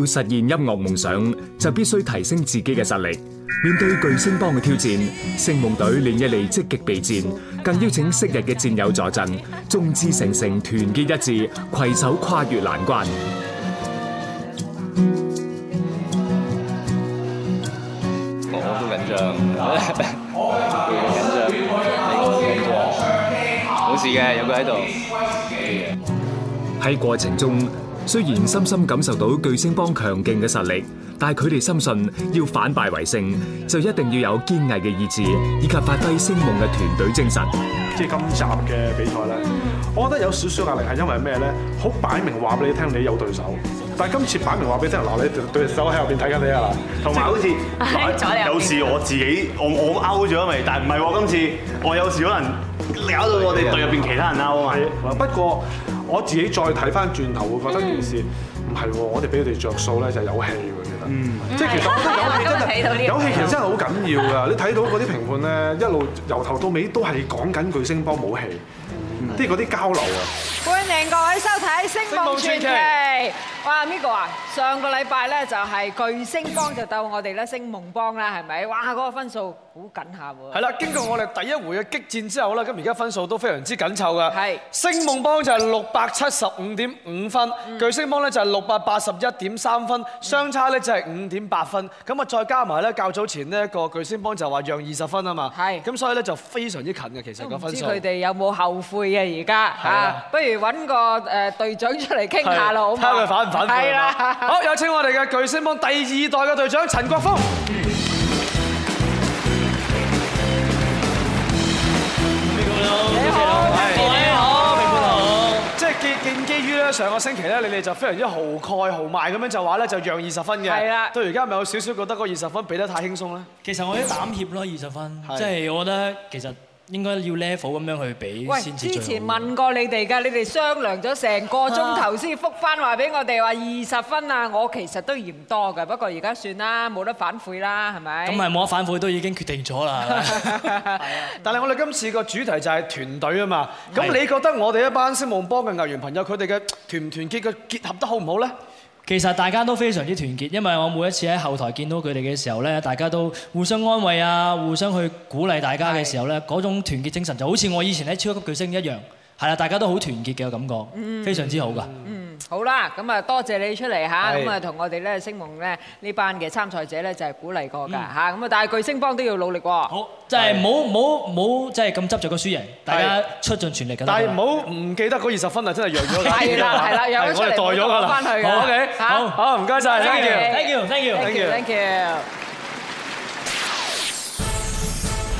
要實現音樂夢想，就必須提升自己嘅實力。面對巨聲幫嘅挑戰，星夢隊連日嚟積極備戰，更邀請昔日嘅戰友助陣，眾志成城，團結一致，携手跨越難關。我都緊張，都緊張，你緊張？冇事嘅，有佢喺度。喺過程中。雖然深深感受到巨聲幫強勁嘅實力，但係佢哋深信要反敗為勝，就一定要有堅毅嘅意志，以及發揮星夢嘅團隊精神。即係今集嘅比賽咧，我覺得有少少壓力係因為咩咧？好擺明話俾你聽，你有對手。但係今次擺明話俾你聽嗱，你對手喺入邊睇緊你啊，同埋好似有次我自己我我 out 咗咪？但係唔係喎，今次我有次可能搞到我哋隊入邊其他人 out 啊。不過。.我自己再睇翻轉頭會覺得件事唔係喎，我哋俾佢哋着數咧就係有戲喎，其實，即係其實我覺得有戲真係有戲，其實真係好緊要㗎。你睇到嗰啲評判咧，一路由頭到尾都係講緊巨聲幫冇戲，即係嗰啲交流啊。歡迎各位收睇《星夢傳奇》。哇，Miko 啊，上個禮拜咧就係巨聲幫就鬥我哋咧星夢幫啦，係咪？哇，嗰個分數好緊下喎。係啦，經過我哋第一回嘅激戰之後咧，咁而家分數都非常之緊湊噶。係。星夢幫就係六百七十五點五分，巨聲幫咧就係六百八十一點三分，相差咧就係五點八分。咁啊，再加埋咧，較早前呢一個巨聲幫就話讓二十分啊嘛。係。咁所以咧就非常之近嘅，其實個分數。唔知佢哋有冇後悔呀而家？係啊。不如搵。個誒隊長出嚟傾下咯，好嗎？睇佢反唔反叛啦！好 有請我哋嘅巨聲幫第二代嘅隊長陳國峰。你好，你好，即係建基於咧，好好好好好好就是、上個星期咧，你哋就非常之豪蓋豪邁咁樣就話咧，就讓二十分嘅。係啦。到而家咪有少少覺得嗰二十分俾得太輕鬆咧。其實我啲膽怯咯，二十分，即係我覺得其實。應該要 level 咁樣去俾先至最好。喂，之前問過你哋㗎，你哋商量咗成個鐘頭先覆翻話俾我哋話二十分啊！我其實都嫌多㗎，不過而家算啦，冇得反悔啦，係咪？咁咪冇得反悔，都已經決定咗啦。係啊。但係我哋今次個主題就係團隊啊嘛。咁你覺得我哋一班星夢幫嘅藝員朋友，佢哋嘅團唔團結嘅結合得好唔好咧？其實大家都非常之團結，因為我每一次喺後台見到佢哋嘅時候咧，大家都互相安慰啊，互相去鼓勵大家嘅時候咧，嗰種團結精神就好似我以前喺超級巨聲一樣。係啦，大家都好團結嘅感覺，非常之好噶。嗯，好啦，咁啊多謝你出嚟嚇，咁啊同我哋咧星夢咧呢班嘅參賽者咧就係鼓勵過㗎嚇，咁啊但係巨聲幫都要努力喎。好，即係冇冇冇，即係咁執著個輸贏，大家出盡全力㗎啦。但係唔好唔記得嗰二十分啊，真係讓咗你。係啦，係啦，讓咗出嚟，攞翻去。好 OK，好好，唔該曬，thank you，thank you，thank you，thank you。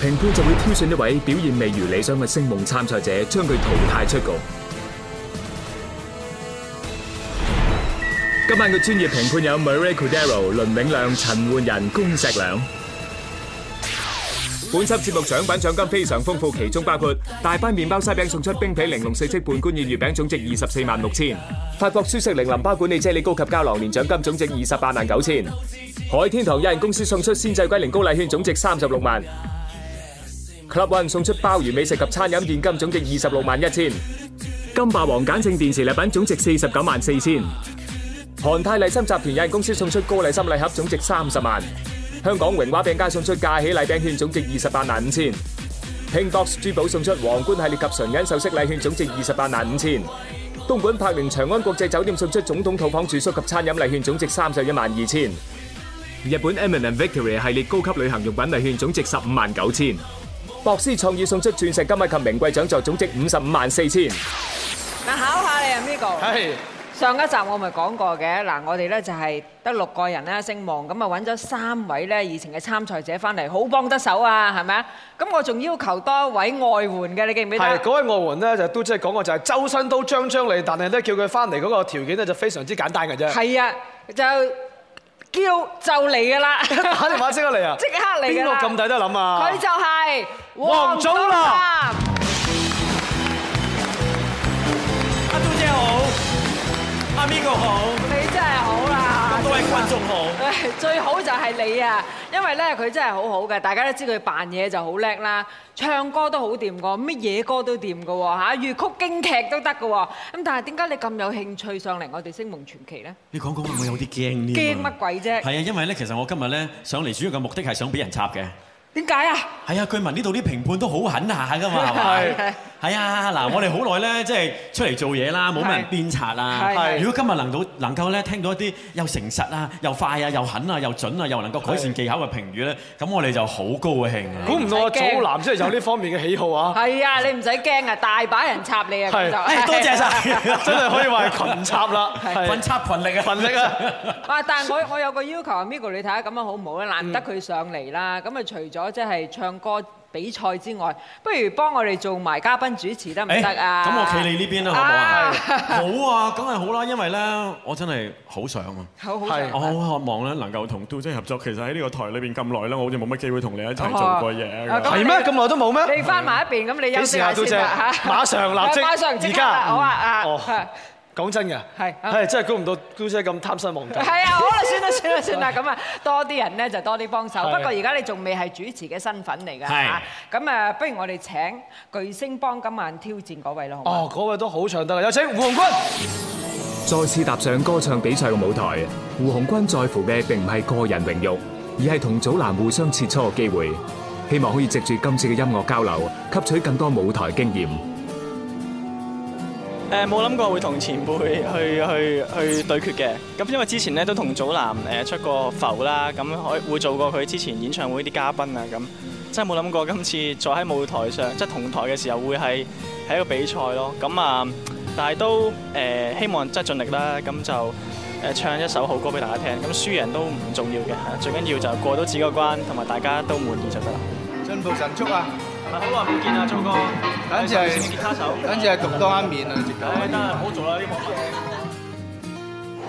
評判就會挑選一位表現未如理想嘅星夢參賽者，將佢淘汰出局。今晚嘅專業評判有 Maria Cordero、倫永亮、陳奐仁、恭碩良。本輯節目獎品獎金非常豐富，其中包括大班麵包西餅送出冰皮玲瓏四色半官宴月餅總值二十四萬六千，法國舒適零淋巴管理啫喱高級膠囊年獎金總值二十八萬九千，海天堂有限公司送出鮮製龜苓膏禮券總值三十六萬。Club One 送出鮑魚美食及餐飲現金總值二十六萬一千，金霸王鹼性電池禮品總值四十九萬四千，韓泰麗森集團有限公司送出高麗參禮盒總值三十萬，香港榮華餅家送出嫁喜禮餅券總值二十八萬五千，Kingbox 珠寶送出皇冠系列及純銀首飾禮券總值二十八萬五千，東莞柏寧長安國際酒店送出總統套房住宿及餐飲禮券總值三十一萬二千，日本 Eminent Victory 系列高級旅行用品禮券總值十五萬九千。博思創意送出鑽石金幣及名貴獎座，總值五十五萬四千。嗱，考下你啊，Miko。係。上一集我咪講過嘅，嗱，我哋咧就係得六個人啦，聲望咁啊，搵咗三位咧以前嘅參賽者翻嚟，好幫得手啊，係咪啊？咁我仲要求多位外援嘅，你記唔記得？係嗰位外援咧就都即係講過，就係周身刀張張利，但係咧叫佢翻嚟嗰個條件咧就非常之簡單嘅啫。係啊，就。叫就嚟嘅啦，打電話即刻嚟啊！即刻嚟，邊個咁抵得諗啊？佢就係黃總王祖藍啦！阿杜姐好，阿 Miko 好，你真係好～各位觀眾好，最好就係你啊，因為咧佢真係好好嘅，大家都知佢扮嘢就好叻啦，唱歌都好掂㗎，乜嘢歌都掂㗎，吓，粵曲京劇都得㗎，咁但係點解你咁有興趣上嚟我哋星夢傳奇咧？你講講會唔會有啲驚添，驚乜鬼啫？係啊，因為咧，其實我今日咧上嚟主要嘅目的係想俾人插嘅。點解啊？係啊，據聞呢度啲評判都好狠下噶嘛，係咪？係啊，嗱，我哋好耐咧，即係出嚟做嘢啦，冇乜人鞭策啊。如果今日能到能夠咧聽到一啲又誠實啊，又快啊，又狠啊，又準啊，又能夠改善技巧嘅評語咧，咁我哋就好高興啊！估唔到啊，祖藍即係有呢方面嘅喜好啊！係啊，你唔使驚啊，大把人插你啊！多謝晒，真係可以話係群插啦，群插群力啊，群力啊！啊，但係我我有個要求啊，Miko， 你睇下咁樣好唔好咧？難得佢上嚟啦，咁啊除咗即係唱歌，比賽之外，不如幫我哋做埋嘉賓主持得唔得啊？咁、欸、我企你呢邊啦，好唔好啊？好啊，梗係好啦，因為咧，我真係好很想啊，係，我好渴望咧能夠同 Do 姐合作。其實喺呢個台裏邊咁耐咧，我好似冇乜機會同你一齊做過嘢。係咩？咁耐都冇咩？你翻埋一邊，咁你有時間 Do 姐，馬上立即，而家好啊。講真嘅，係係真係估唔到姑姐咁貪新忘舊。係啊，好啦，算啦，算啦，算啦，咁啊，多啲人咧就多啲幫手。不過而家你仲未係主持嘅身份嚟㗎嚇。咁誒，不如我哋請巨聲幫今晚挑戰嗰位啦。哦，嗰位都好唱得，有請胡鴻鈞。再次踏上歌唱比賽嘅舞台，胡鴻鈞在乎嘅並唔係個人榮辱，而係同祖藍互相切磋嘅機會。希望可以藉住今次嘅音樂交流，吸取更多舞台經驗。誒，冇諗過會同前輩去去去對決嘅，咁因為之前咧，都同祖藍誒出過浮啦，咁可會做過佢之前演唱會啲嘉賓啊，咁真係冇諗過今次再喺舞台上，即係同台嘅時候會係喺一個比賽咯，咁啊，但係都誒希望即係盡力啦，咁就誒唱一首好歌俾大家聽，咁輸贏都唔重要嘅，最緊要就過到自己個關，同埋大家都滿意就得啦。進步神速啊！好耐唔見啊！祖哥，跟住係，跟住係咁多面啊！隻狗，得啦，唔好做啦呢部嘢。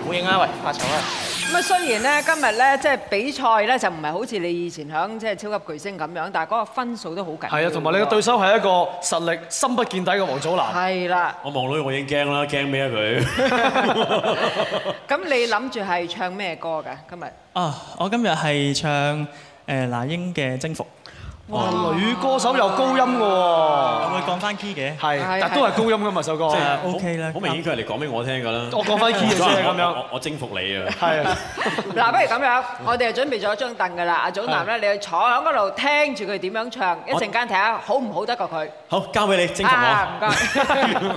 冇影啊！喂，拍錯啦！咁啊，雖然咧今日咧即係比賽咧就唔係好似你以前響即係超級巨聲咁樣，但係嗰個分數都好緊。係啊，同埋你嘅對手係一個實力深不見底嘅王祖藍。係啦。我望到我已經驚啦，驚咩啊佢？咁你諗住係唱咩歌㗎今日？啊，我今日係唱誒那英嘅征服。哇！女歌手又高音㗎喎，會降翻 key 嘅，係，但都係高音㗎嘛首歌，即係 OK 啦，好明顯佢係嚟講俾我聽㗎啦，我降翻 key 先啊，咁樣我我征服你啊，係，嗱不如咁樣，我哋準備咗張凳㗎啦，阿祖藍咧，你去坐喺嗰度聽住佢點樣唱，一陣間睇下好唔好得過佢，好交俾你征服我，唔該。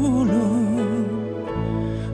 虜。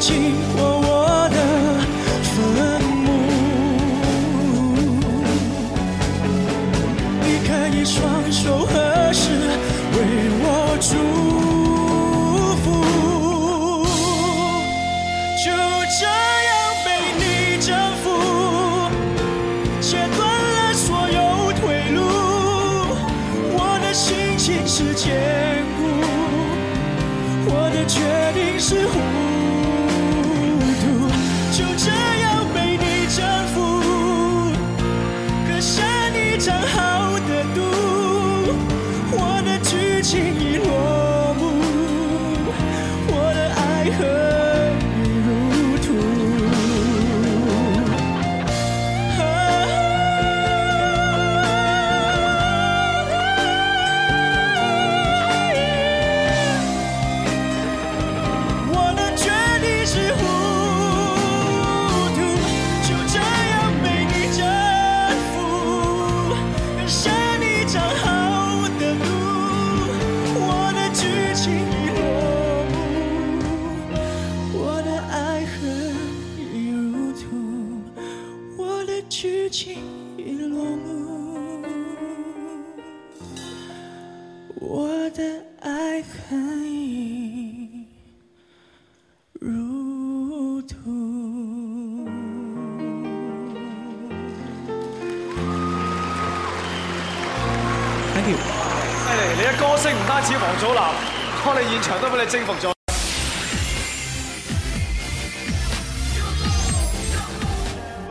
經過我的墳墓，你可以雙手合十為我祝福。就這樣被你征服，切斷了所有退路。我的心情是堅固，我的決定是糊。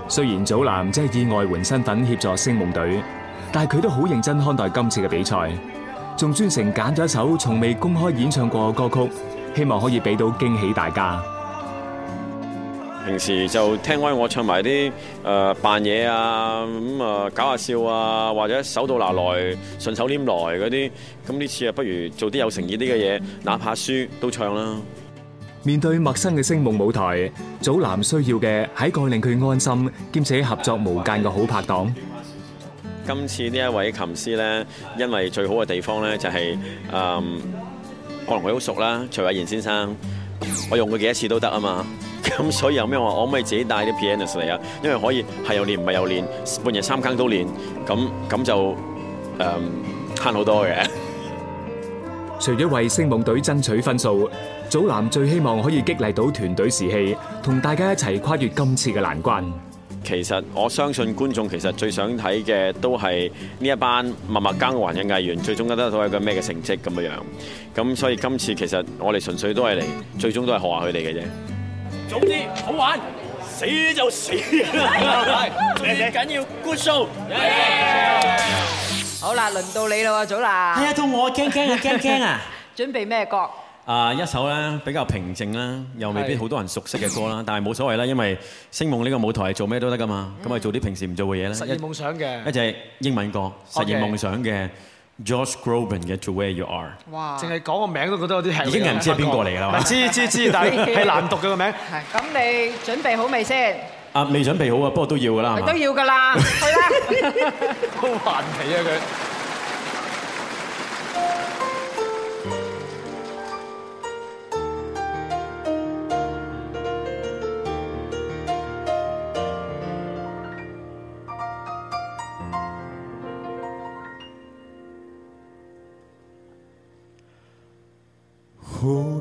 雖然祖藍即係以外援身份協助星夢隊，但係佢都好認真看待今次嘅比賽，仲專程揀咗一首從未公開演唱過嘅歌曲，希望可以俾到驚喜大家。平時就聽開我，我唱埋啲誒扮嘢啊，咁、嗯、啊搞下笑啊，或者手到拿來順手拈來嗰啲，咁呢次啊不如做啲有誠意啲嘅嘢，哪怕輸都唱啦。面對陌生嘅星夢舞台，祖藍需要嘅係一個令佢安心兼且合作無間嘅好拍檔。今次呢一位琴師咧，因為最好嘅地方咧就係、是、誒、嗯、我同佢好熟啦，徐偉賢先生，我用佢幾多次都得啊嘛。咁所以有咩話，我可唔可以自己帶啲 pianist 嚟啊？因為可以係又練唔係又練，半夜三更都練，咁咁就誒慳好多嘅。除咗為星夢隊爭取分數，祖藍最希望可以激勵到團隊士氣，同大家一齊跨越今次嘅難關。其實我相信觀眾其實最想睇嘅都係呢一班默默耕耘嘅藝員，最終得到一個咩嘅成績咁嘅樣。咁所以今次其實我哋純粹都係嚟，最終都係學下佢哋嘅啫。總之好玩，死就死，最緊要 good show。好啦，輪到你啦，祖藍。係啊，到我驚驚啊，驚驚啊！準備咩歌？啊，一首咧比較平靜啦，又未必好多人熟悉嘅歌啦，但係冇所謂啦，因為星夢呢個舞台做咩都得噶嘛，咁啊做啲平時唔做嘅嘢咧。實現夢想嘅，一隻英文歌，實現夢想嘅。Josh Groban 嘅 To Where You Are，哇！淨係講個名都覺得有啲人已經人唔知邊個嚟啦嘛。知知知，但係難讀嘅個名。係咁，你準備好未先？啊，未準備好啊，不過都要噶啦，係嘛？都要噶啦，去啦！好爛尾啊佢。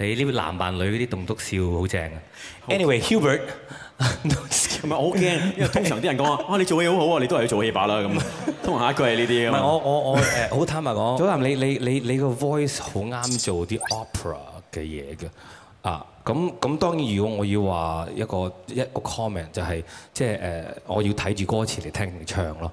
你呢個男扮女嗰啲棟篤笑好正啊！Anyway，Hubert，唔係我好驚，因為通常啲人講話，哇你做嘢好好啊，你都係去做戲把啦咁。通下一句係呢啲咁唔我我我誒好坦白講，祖藍你你你你個 voice 好啱做啲 opera 嘅嘢嘅啊！咁咁當然如果我要話一個一個 comment 就係即係誒，我要睇住歌詞嚟聽嚟唱咯。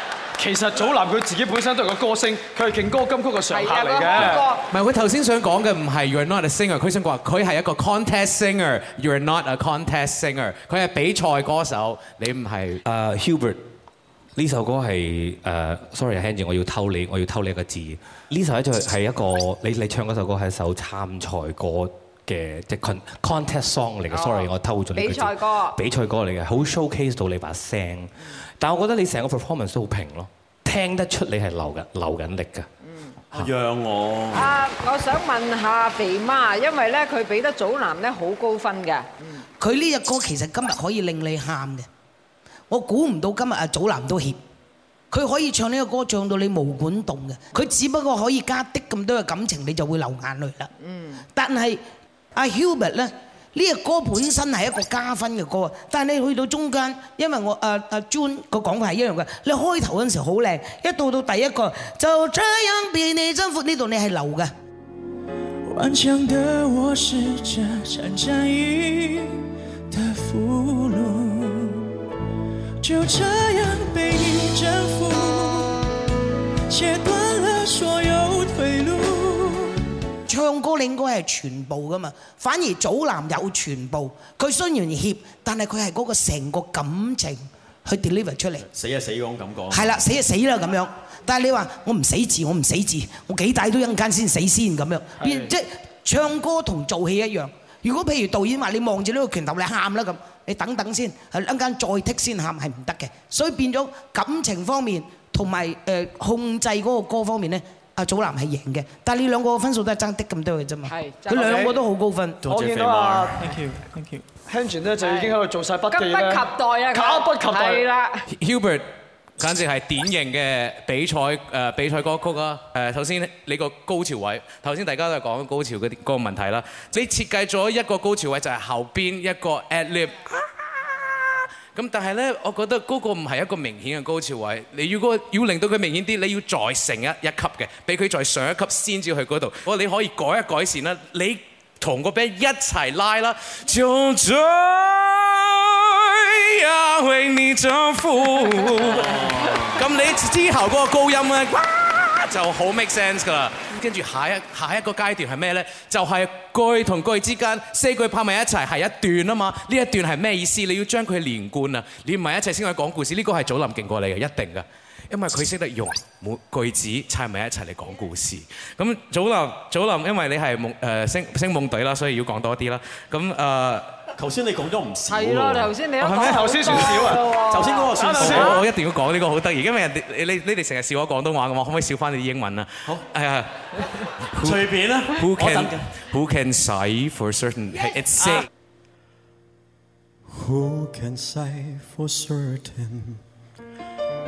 其實祖藍佢自己本身都係個歌星，佢係勁歌金曲嘅常客嚟嘅。唔係佢頭先想講嘅唔係 you're not a singer，佢想講話佢係一個 contest singer，you're not a contest singer。佢係比賽歌手，你唔係。誒、uh, Hubert 呢首歌係誒 sorry, Hendy，我要偷你，我要偷你一個字。呢首咧就係一個你你唱嗰首歌係一首參賽歌嘅即 contest song 嚟嘅。sorry，我偷咗你。比賽歌。比賽歌嚟嘅，好 showcase 到你把聲。但係我覺得你成個 performance 都好平咯，聽得出你係流緊流緊力㗎。嗯，讓我。啊，我想問下肥媽，因為咧佢俾得祖藍咧好高分嘅。嗯。佢呢隻歌其實今日可以令你喊嘅。我估唔到今日阿祖藍都怯，佢可以唱呢個歌唱到你毛管動嘅。佢只不過可以加啲咁多嘅感情，你就會流眼淚啦。嗯。但係阿 Hubert 咧。呢、這個歌本身係一個加分嘅歌，但係你去到中間，因為我阿阿 Joan 個講法係一樣嘅，你開頭嗰陣時好靚，一到到第一個，就這樣被你征服你，呢度你係留嘅。唱歌你應該係全部噶嘛，反而祖藍有全部。佢雖然怯，但係佢係嗰個成個感情去 deliver 出嚟。死啊死啊咁感覺。係啦，死啊死啦咁樣。但係你話我唔死字，我唔死字，我幾大都一間先死先咁樣。變即係唱歌同做戲一樣。如果譬如導演話你望住呢個拳頭，你喊啦咁，你等等先，一間再剔先喊係唔得嘅。所以變咗感情方面同埋誒控制嗰個歌方面咧。啊，祖藍係贏嘅，但係你兩個嘅分數都係爭啲咁多嘅啫嘛。係，佢兩個都好高分。多謝肥媽。Thank you，Thank you。Hanjin 咧就已經喺度做曬百記啦。迫不及待啊，迫不及待。係啦。Hubert 簡直係典型嘅比賽誒比賽歌曲啦。誒，首先你個高潮位，頭先大家都係講高潮嗰啲嗰個問題啦。你設計咗一個高潮位就係後邊一個 Adlib。咁但係咧，我覺得嗰個唔係一個明顯嘅高潮位。你如果要令到佢明顯啲，你要再成一一級嘅，俾佢再上一級先至去嗰度。我話你可以改一改善啦，你同個 band 一齊拉啦。 就這樣為你祝福。咁 你之後嗰個高音咧、啊？ 就好 make sense 㗎啦，咁跟住下一下一個階段係咩咧？就係、是、句同句之間四句拍埋一齊係一段啊嘛，呢一段係咩意思？你要將佢連貫啊，連埋一齊先可以講故事。呢個係祖藍勁過你嘅，一定㗎！因為佢識得用每句子砌埋一齊嚟講故事。咁祖藍，祖藍，因為你係夢誒、呃、星星夢隊啦，所以要講多啲啦。咁誒。呃頭先你講咗唔少喎，係咪頭先你頭先算少啊？頭先嗰個算少我，我一定要講呢個好得意，因為人哋你你哋成日笑我廣東話嘅嘛，可唔可以笑翻你啲英文啊？好、uh，隨便啦、who can, who can say for certain? Yes. It's a... Who can say for certain?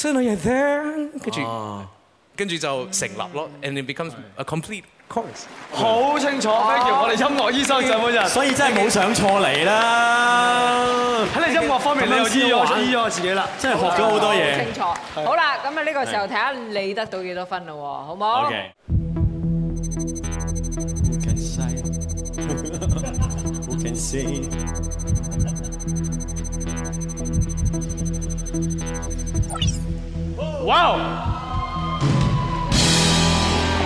所以你係 there，跟住，跟住就成立咯，and it becomes a complete chorus。好清楚，咩叫我哋音樂醫生就咁就，所以真係冇想錯嚟啦。喺你音樂方面，你又知我醫咗我自己啦，真係學咗好多嘢。清楚。好啦，咁啊呢個時候睇下你得到幾多分咯，好冇？哇、wow！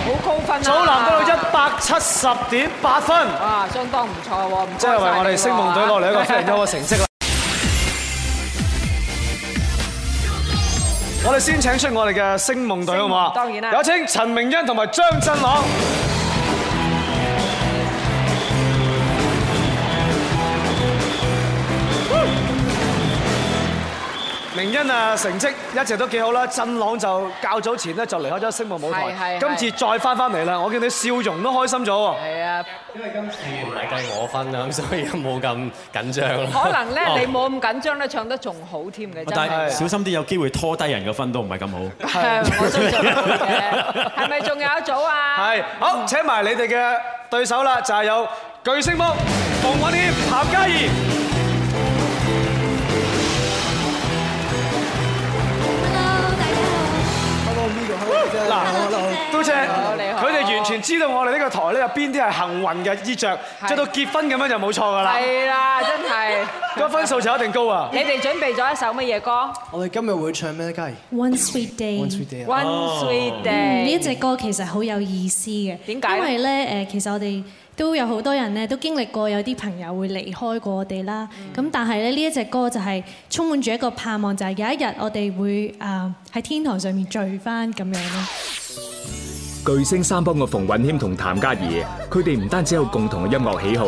好高分啊！祖藍得到一百七十點八分，哇，相當唔錯喎，即係為我哋星夢隊落嚟一個非常之好嘅成績。 我哋先請出我哋嘅星夢隊好唔好？當然啦！有請陳明恩同埋張振朗。成因啊，成績一直都幾好啦。振朗就較早前咧就離開咗星夢舞台，今次再翻返嚟啦。我見你笑容都開心咗喎。係啊，因為今次唔係計我分啊，所以冇咁緊張啦。可能咧你冇咁緊張咧，唱得仲好添嘅。但係小心啲，有機會拖低人嘅分都唔係咁好。係，我尊重嘅。係咪仲有一組啊？係，好，請埋你哋嘅對手啦，就係有巨星夢馮允謙、譚嘉儀。嗱，多謝，佢哋完全知道我哋呢個台咧，邊啲係幸運嘅衣着，着到結婚咁樣就冇錯㗎啦。係啦，真係。個分數就一定高啊！你哋準備咗一首乜嘢歌？我哋今日會唱咩咧，嘉儀？One sweet day。One sweet day。One sweet day。呢隻歌其實好有意思嘅。點解？因為咧，誒，其實我哋。都有好多人咧，都經歷過有啲朋友會離開過我哋啦。咁但係咧，呢一隻歌就係充滿住一個盼望，就係有一日我哋會誒喺天堂上面聚翻咁樣咯。巨聲三幫嘅馮允謙同譚嘉儀，佢哋唔單止有共同嘅音樂喜好，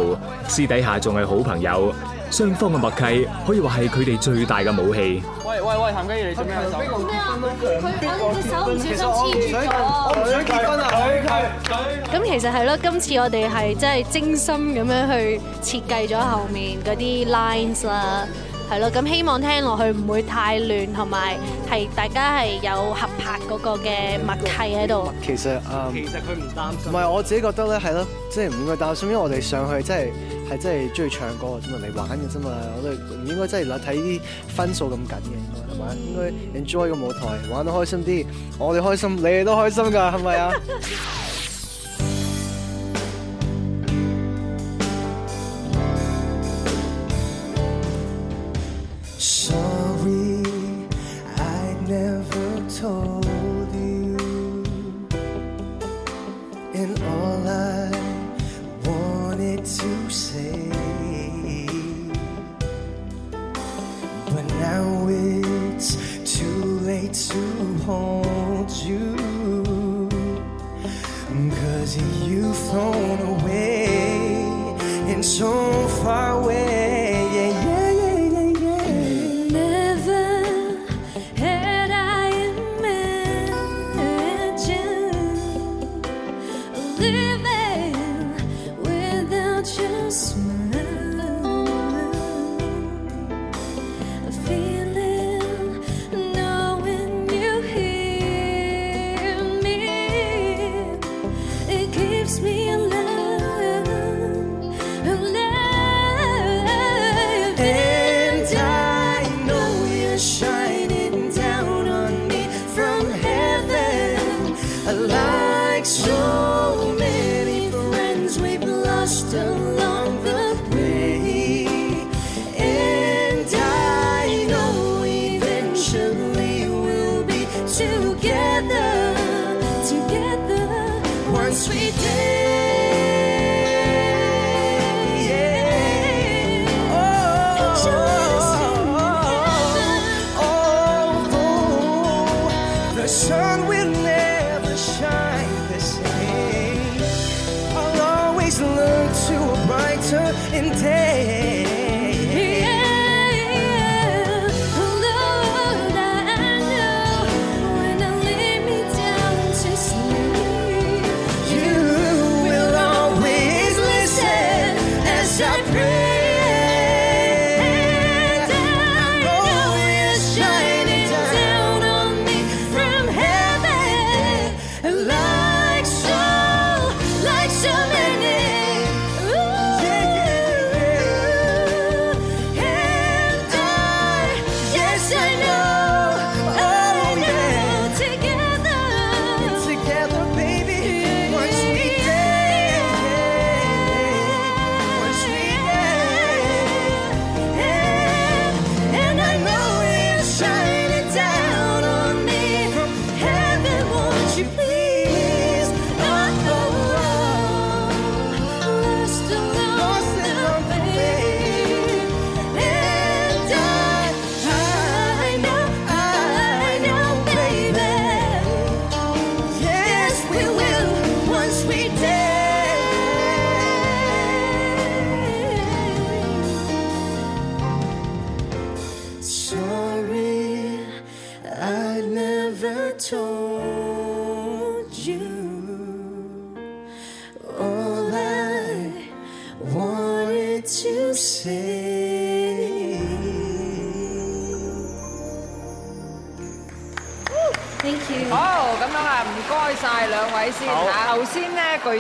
私底下仲係好朋友。雙方嘅默契可以話係佢哋最大嘅武器喂。喂喂喂，譚嘉儀你做咩啊？做咩啊？佢攞隻手唔小心黐住我。想結婚啊？咁其實係咯，今次我哋係真係精心咁樣去設計咗後面嗰啲 lines 啦。係咯，咁希望聽落去唔會太亂，同埋係大家係有合拍嗰個嘅默契喺度。其實誒、嗯，其實佢唔擔心。唔係我自己覺得咧，係咯，即係唔應該擔心，因為我哋上去真係係真係中意唱歌嘅啫嘛，嚟玩嘅啫嘛，我哋唔應該真係睇啲分數咁緊嘅，係咪、嗯？應該 enjoy 個舞台，玩得開心啲，我哋開心，你哋都開心㗎，係咪啊？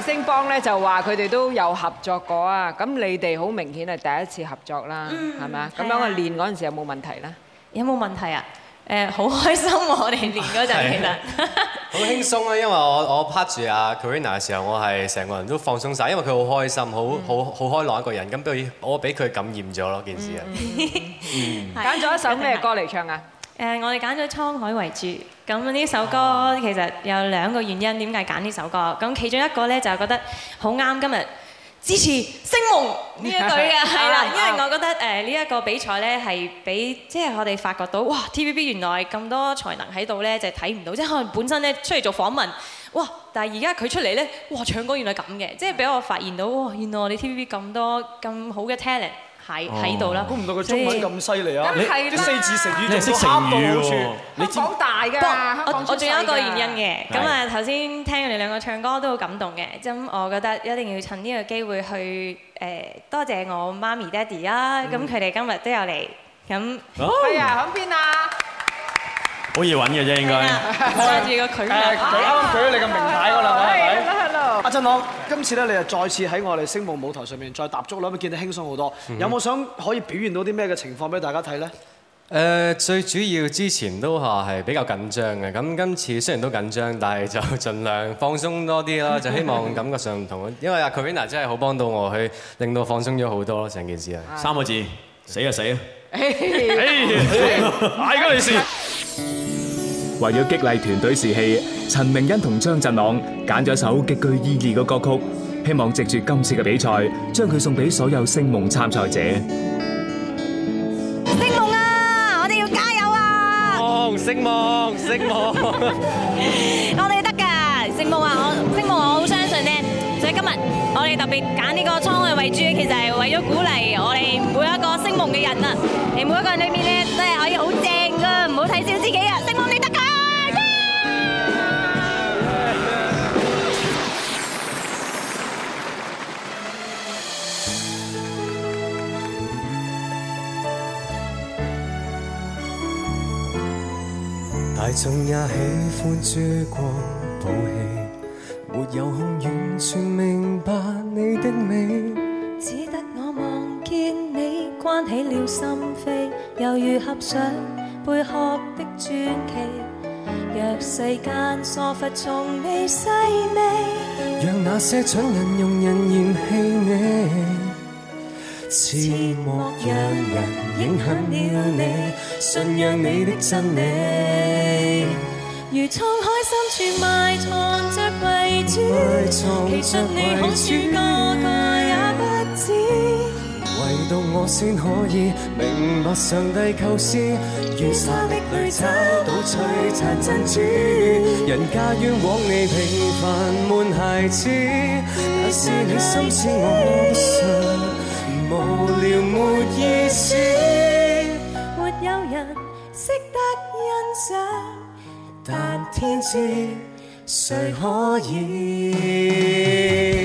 星邦咧就話佢哋都有合作過啊，咁你哋好明顯係第一次合作啦，係咪啊？咁樣我練嗰陣時有冇問題咧？有冇問題啊？誒，好開心喎！我哋練嗰陣其實好輕鬆啊，因為我我拍住阿 Corinna 嘅時候，我係成個人都放鬆曬，因為佢好開心，好好好開朗一個人，咁不如我俾佢感染咗咯，件事啊。嗯。揀咗一首咩歌嚟唱啊？誒，我哋揀咗《滄海為主》。咁呢首歌其實有兩個原因，點解揀呢首歌？咁其中一個呢，就係覺得好啱今日支持星夢呢句嘅，係啦，因為我覺得誒呢一個比賽呢，係俾即係我哋發覺到，哇！TVB 原來咁多才能喺度呢，就睇唔到，即係可能本身呢，出嚟做訪問，哇！但係而家佢出嚟呢，哇！唱歌原來咁嘅，即係俾我發現到，嘩，原來我哋 TVB 咁多咁好嘅 talent。喺喺度啦，估唔到個中文咁犀利啊！你啲四字成語，你識成語喎？你講大㗎，講出嚟。不過我我仲有一個原因嘅，咁啊頭先聽佢哋兩個唱歌都好感動嘅，咁我覺得一定要趁呢個機會去誒多謝我媽咪爹哋啊，咁佢哋今日都有嚟，咁係啊響邊啊？好易揾嘅啫，應該。對住個距離。誒，佢啱啱舉咗你個名牌過來，來來。阿振朗，今次咧你又再次喺我哋星夢舞台上面再踏足啦，咪見到輕鬆好多。有冇想可以表現到啲咩嘅情況俾大家睇咧？誒、嗯，最主要之前都嚇係比較緊張嘅，咁今次雖然都緊張，但係就盡量放鬆多啲啦，就希望感覺上唔同，因為阿 Corinna 真係好幫到我去令到我放鬆咗好多成件事啊！三個字，死就死啦！哎！哎，嗰件事。哎為咗激勵團隊士氣，陳明恩同張振朗揀咗首極具意義嘅歌曲，希望藉住今次嘅比賽，將佢送俾所有星夢參賽者。星夢啊，我哋要加油啊！星夢，星夢，我哋得噶，星夢啊，我星夢我好相信咧。所以今日我哋特別揀呢個倉去為主，其實係為咗鼓勵我哋每一個星夢嘅人啊！你每一個人裏面咧，真係可以好正噶，唔好睇小自己啊，星夢。大眾也喜歡珠光寶氣，沒有空完全明白你的美，只得我望見你關起了心扉，猶如合上貝殼的傳奇。若世間疏忽，從未細味，讓那些蠢人用人嫌棄你。寂寞讓人影響了你，信仰你的真理，如滄海深處埋藏着遺珠，其實你看似高傲也不止，唯獨我先可以明白上帝構思，如沙的淚找到璀璨珍珠，人家冤枉你平凡悶孩子，但是你心似我不信。無聊沒意思，沒，沒有人識得欣賞，但天知誰可以？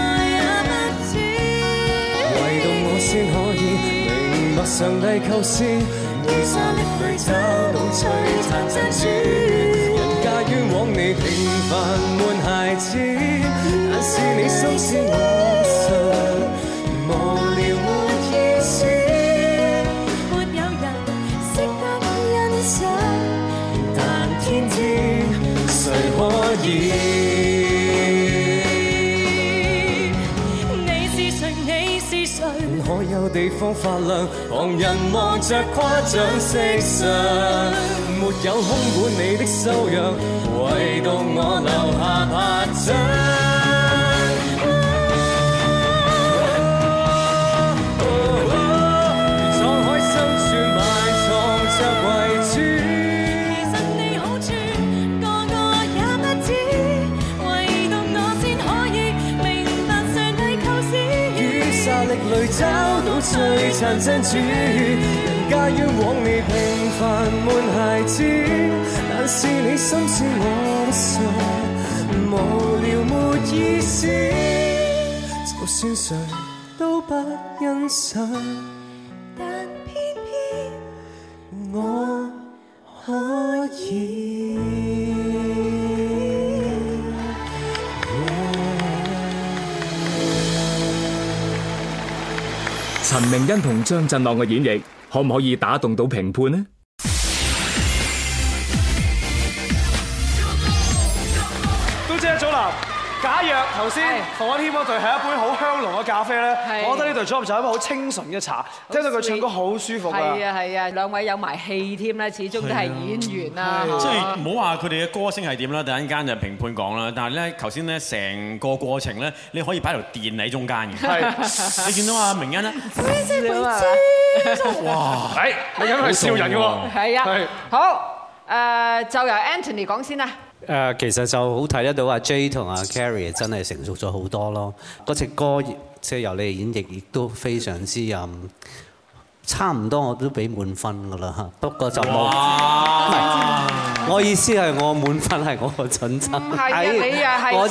上帝構思，雨沙的旅途到璀璨珍珠，主人家冤枉你平凡悶孩子，但是你心思無常，無聊沒意思，沒有人識得欣賞，但天知誰可以？可有地方發亮？旁人望着誇獎，世上沒有空管你的修養，唯獨我留下拍掌。最殘真主，人家冤枉你平凡悶孩子，但是你心是我的心，無聊沒意思，就算誰都不欣賞。因同張振朗嘅演繹，可唔可以打動到評判呢？頭先同我天王隊係一杯好香濃嘅咖啡咧，我覺得呢度 j o 就係一杯好清純嘅茶。聽到佢唱歌好舒服啊！係啊係啊，兩位有埋戲添咧，始終都係演員啊。即係唔好話佢哋嘅歌聲係點啦，等陣間就評判講啦。但係咧，頭先咧成個過程咧，你可以擺條電喺中間嘅。係，你見到啊明恩啦？啊、哇！哎，明恩係笑人嘅喎。係啊。係。好，誒，就由 Anthony 講先啦。其實就好睇得到阿 Jay 同阿 Carrie 真係成熟咗好多咯。嗰隻歌即係由你哋演繹亦都非常之任，差唔多我都俾滿分噶啦。不過就冇，我意思係我滿分係我個準則。係你啊係，知我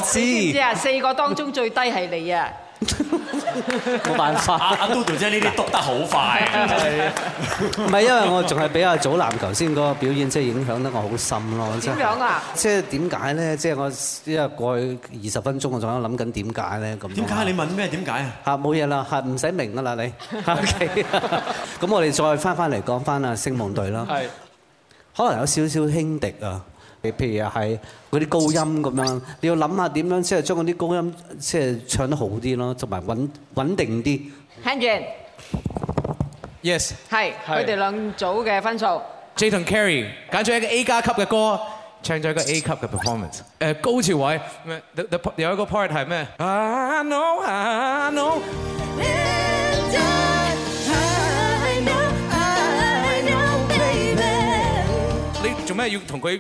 知啊？四個當中最低係你啊！冇辦法，阿阿 Do Do 即係呢啲剁得好快，真係。唔係因為我仲係比較早籃球先個表演，即係影響得我好深咯。點樣啊？即係點解咧？即係我一日過去二十分鐘，我仲喺度諗緊點解咧？咁點解你問咩？點解啊？吓，冇嘢啦，吓唔使明啦你。OK，咁我哋再翻翻嚟講翻啊星夢隊啦，係可能有少少輕敵啊。你，譬如係嗰啲高音咁樣，你要諗下點樣先係將嗰啲高音，先係唱得好啲咯，同埋穩穩定啲。Henry，yes，係佢哋兩組嘅分數。Jay 同 Carrie 揀咗一個 A 加級嘅歌，唱咗一個 A 級嘅 performance。誒，高潮位咩？the the 有個 part 係咩？你做咩要同佢？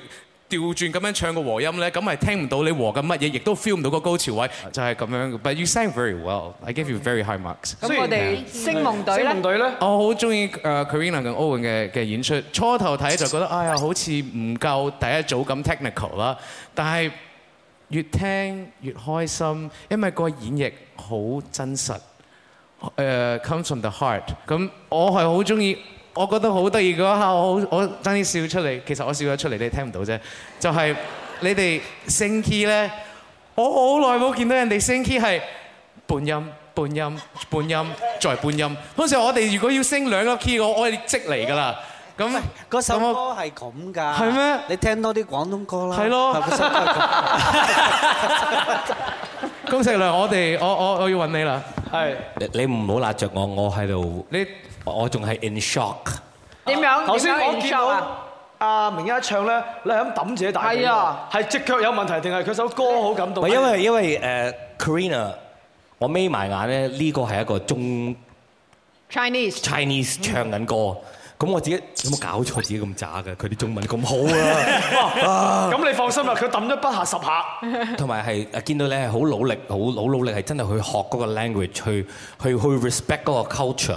調轉咁樣唱個和音咧，咁係聽唔到你和緊乜嘢，亦都 feel 唔到個高潮位，就係咁樣。But you sang very well, I gave you very high marks。咁我哋星夢隊咧，我好中意誒 Queenie 同 Owen 嘅嘅演出。初頭睇就覺得哎呀好似唔夠第一組咁 technical 啦，但係越聽越開心，因為個演繹好真實，誒 comes from the heart。咁我係好中意。我覺得好得意嗰下，我我爭啲笑出嚟。其實我笑咗出嚟，你聽唔到啫。就係你哋升 key 咧，我好耐冇見到人哋升 key 係半音、半音、半音再半音。通常我哋如果要升兩粒 key，我我係即嚟㗎啦。咁嗰首歌係咁㗎。係咩？你聽多啲廣東歌啦。係咯。恭碩良，我哋我我我要揾你啦。係。你唔好鬧着我，我喺度。我仲係 in shock。點樣？頭先我見到阿明一唱咧，你係咁揼自己大髀。係啊，係即腳有問題定係佢首歌好感動？唔係因為因為誒 Karina，我眯埋眼咧，呢個係一個中 Chinese Chinese 唱緊歌。咁、嗯、我自己有冇搞錯？自己咁渣嘅，佢啲中文咁好啊！咁 你放心啦，佢揼咗不下十下還有。同埋係啊，見到你係好努力，好好努力，係真係去學嗰個 language，去去去 respect 嗰個 culture。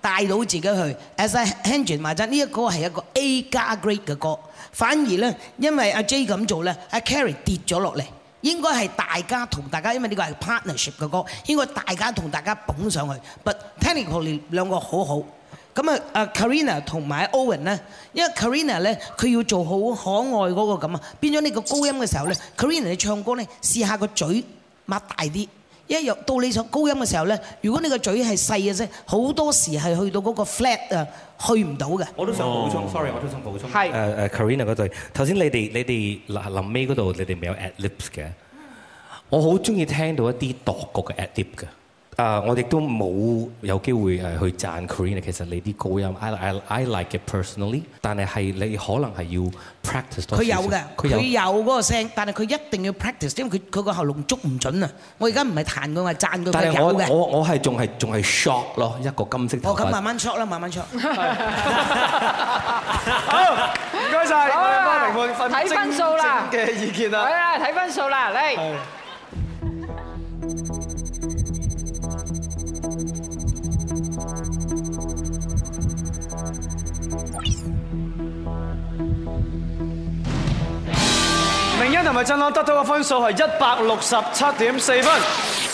帶到自己去，as I hand 轉埋真呢一個係一個 A 加 grade 嘅歌，反而咧，因為阿 Jay 咁做咧，阿 Carrie 跌咗落嚟，應該係大家同大家，因為呢個係 partnership 嘅歌，應該大家同大家捧上去。But technically 兩個好好，咁啊阿 Carina 同埋 Owen 咧，因為 Carina 咧佢要做好可愛嗰個咁啊，變咗呢個高音嘅時候咧，Carina 你唱歌咧試下個嘴擘大啲。一入到你唱高音嘅時候咧，如果你個嘴係細嘅啫，好多時係去到嗰個 flat 啊，去唔到嘅。我都想補充，sorry，我都想補充。係誒誒，Karina 嗰對，頭先你哋你哋臨臨尾嗰度，你哋未有 ad lib 嘅。我好中意聽到一啲獨角嘅 ad lib 嘅。啊！我哋都冇有機會誒去贊 Kareena，其實你啲高音，I I I like it personally。但係係你可能係要 practice 多啲。佢有嘅，佢有嗰個聲，但係佢一定要 practice，因為佢佢個喉嚨捉唔準啊！我而家唔係彈佢，我係贊佢高嘅。但係我我我係仲係仲係 shock 咯，一個金色。哦，咁慢慢 shock 啦，慢慢 shock。好，唔該晒。睇分數啦，嘅意見啊，睇分數啦，嚟。明恩同埋振朗得到嘅分數係一百六十七點四分。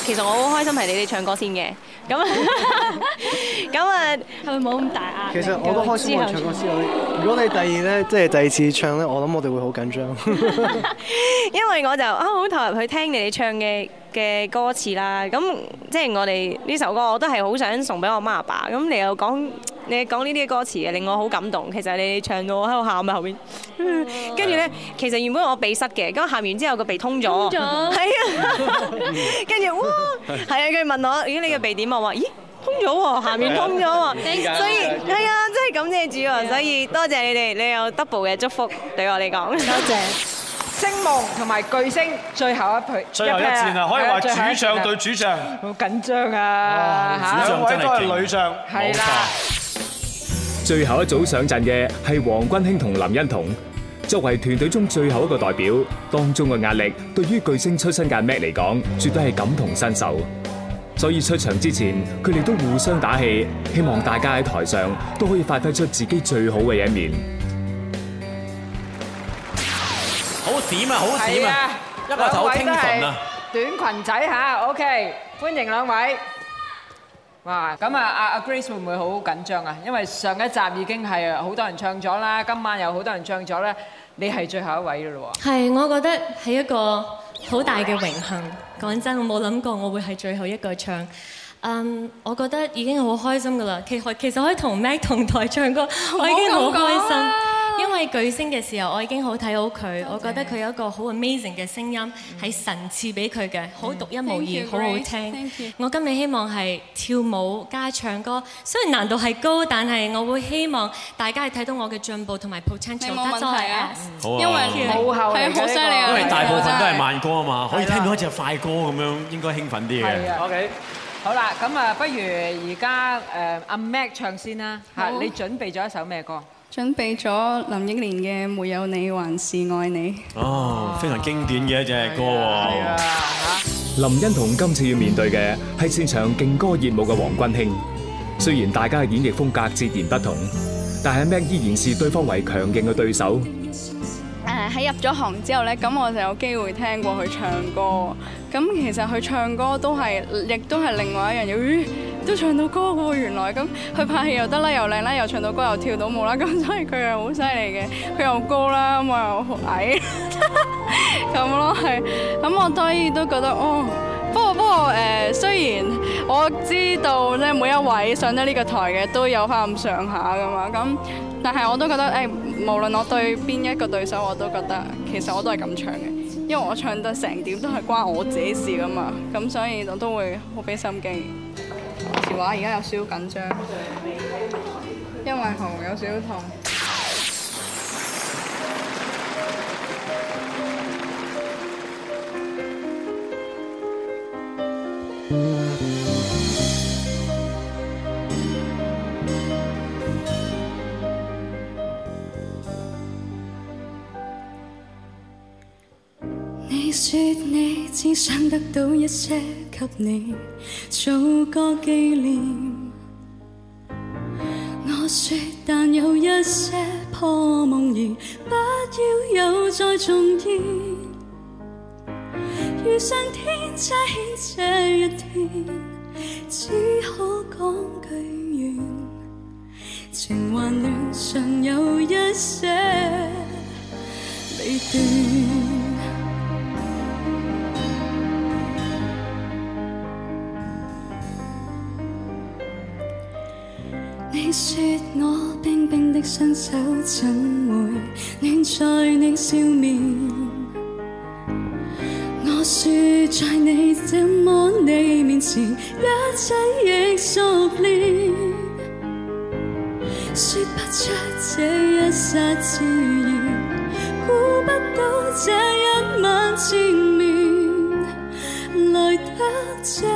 其實我好開心係你哋唱歌先嘅，咁啊，咁啊，係咪冇咁大壓力？其實我都開心係唱歌先。如果你第二咧，即係第二次唱咧，我諗我哋會好緊張。因為我就啊好投入去聽你哋唱嘅嘅歌詞啦。咁即係我哋呢首歌，我都係好想送俾我媽阿爸。咁你又講？你講呢啲歌詞令我好感動，其實你唱到我喺度喊喎後面，跟住咧，yeah. 其實原本我鼻塞嘅，咁我喊完之後個鼻通咗，通咗，係啊，跟 住哇，係啊，佢問我，你我咦你個鼻點？我話咦通咗喎，下面通咗喎，yeah. 所以係、yeah. 啊，真係感謝主啊，yeah. 所以多謝你哋，你有 double 嘅祝福對我嚟講，多謝。 星夢同埋巨聲最後一配，最後一戰啊！可以話主唱對主唱好緊張啊！哦、兩位都係女將，係啦。最後一組上陣嘅係王君馨同林欣彤，作為團隊中最後一個代表，當中嘅壓力對於巨聲出身嘅 Mag 嚟講，絕對係感同身受。所以出場之前，佢哋都互相打氣，希望大家喺台上都可以發揮出自己最好嘅一面。好閃啊，好閃啊！一個就係好清純啊！短裙仔吓，OK，歡迎兩位。哇，咁啊阿 Grace 會唔會好緊張啊？因為上一集已經係好多人唱咗啦，今晚又好多人唱咗咧，你係最後一位嘅咯喎。係，我覺得係一個好大嘅榮幸。講真，我冇諗過我會係最後一個唱。嗯，我覺得已經好開心㗎啦。其實其實可以同 Mag 同台唱歌，我已經好開心。係巨星嘅時候，我已經很看好睇好佢。我覺得佢有一個好 amazing 嘅聲音，係神賜俾佢嘅，好獨一無二，好好聽。我今日希望係跳舞加唱歌，雖然難度係高，但係我會希望大家係睇到我嘅進步同埋 potential 得多。因為幕後嘅，好犀利，因為大部分都係慢歌啊嘛，可以聽到一隻快歌咁樣，應該興奮啲嘅。好啦，咁啊，不如而家誒阿 Mag 唱先啦吓，你準備咗一首咩歌？準備咗林憶蓮嘅《沒有你還是愛你》。哦，非常經典嘅一隻歌。林欣彤今次要面對嘅係擅長勁歌熱舞嘅王君馨。雖然大家嘅演繹風格截然不同，但係 Mag 依然視對方為強勁嘅對手。誒，喺入咗行之後咧，咁我就有機會聽過佢唱歌。咁其實佢唱歌都係，亦都係另外一樣嘢。都唱到歌嘅喎，原來咁佢拍戲又得啦，又靚啦，又唱到歌，又跳到舞啦。咁所以佢又好犀利嘅，佢又高啦，咁我又矮咁咯，係 咁。我當然都覺得哦，不過不過誒、呃，雖然我知道咧，每一位上咗呢個台嘅都有翻咁上下嘅嘛。咁但係我都覺得誒、欸，無論我對邊一個對手，我都覺得其實我都係咁唱嘅，因為我唱得成點都係關我自己事嘅嘛。咁所以我都會好俾心機。話而家有少少緊張，因為喉嚨有少少痛。你說你只想得到一些。給你做個紀念。我說，但有一些破夢兒，不要又再重演。遇上天差遣這一天，只好講句緣，情還亂，尚有一些未斷。說我冰冰的雙手怎會暖在你笑面？我說在你這麼你面前，一切亦熟練。說不出這一剎自然，估不到這一晚見面來得這。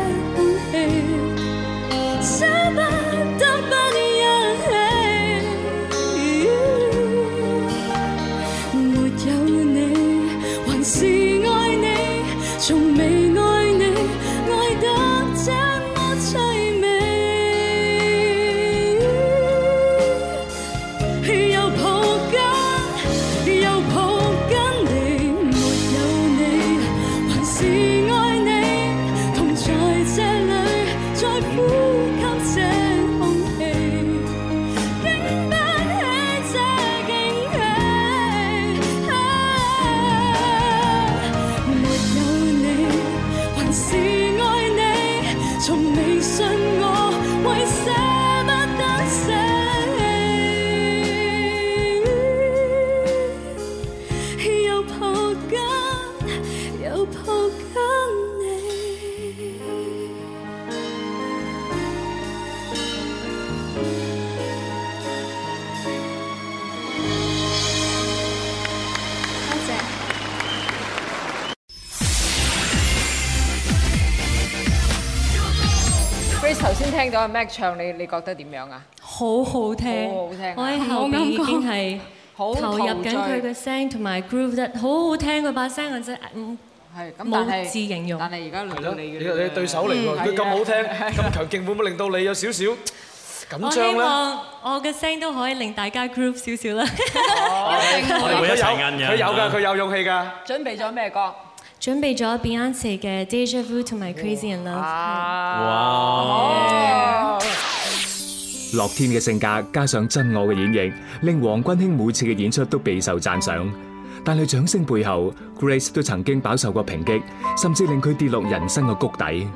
聽到阿 Mag 唱，你你覺得點樣啊？好好聽，我喺後面已經係投入緊佢嘅聲同埋 groove 得好好聽，佢把聲嘅聲，係咁。但係冇字形容。但係而家你你你對手嚟喎，佢咁好聽，咁強勁，會唔會令到你有少少緊張咧？我希望我嘅聲都可以令大家 groove 少少啦。一定會一齊硬嘅，佢有㗎，佢有勇氣㗎。準備咗咩歌？準備咗 Beyoncé 嘅《Déjà Vu 同埋 Crazy In Love》。哇！樂天嘅性格加上真我嘅演繹，令王君馨每次嘅演出都備受讚賞。但係掌聲背後，Grace 都曾經飽受過抨擊，甚至令佢跌落人生嘅谷底。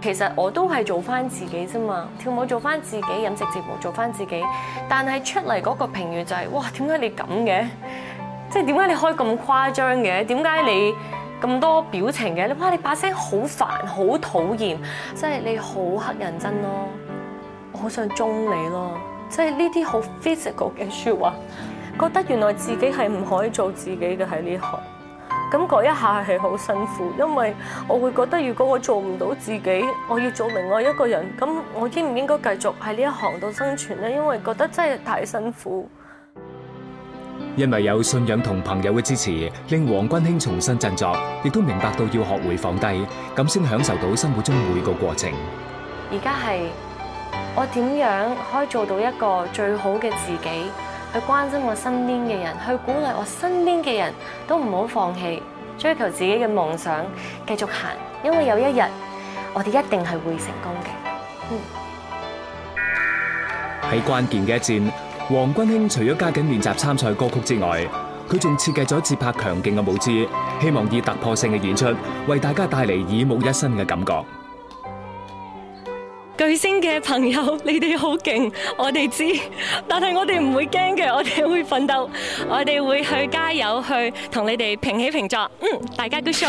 其實我都係做返自己啫嘛，跳舞做返自己，飲食節目做返自己，但係出嚟嗰個評語就係：哇，點解你咁嘅？即係點解你開咁誇張嘅？點解你咁多表情嘅？你哇！你把聲好煩，好討厭，即係你好乞人憎咯。我好想中你咯。即係呢啲好 physical 嘅説話，覺得原來自己係唔可以做自己嘅喺呢行。咁嗰一下係好辛苦，因為我會覺得如果我做唔到自己，我要做另外一個人，咁我應唔應該繼續喺呢一行度生存咧？因為覺得真係太辛苦。因為有信仰同朋友嘅支持，令王君馨重新振作，亦都明白到要學會放低，咁先享受到生活中每個過程。而家係我點樣可以做到一個最好嘅自己？去關心我身邊嘅人，去鼓勵我身邊嘅人都唔好放棄，追求自己嘅夢想，繼續行。因為有一日，我哋一定係會成功嘅。喺、嗯、關鍵嘅一戰。王君馨除咗加緊練習參賽歌曲之外，佢仲設計咗自拍強勁嘅舞姿，希望以突破性嘅演出為大家帶嚟耳目一新嘅感覺。巨聲嘅朋友，你哋好勁，我哋知，但係我哋唔會驚嘅，我哋會奮鬥，我哋會去加油去同你哋平起平坐。嗯，大家鼓掌。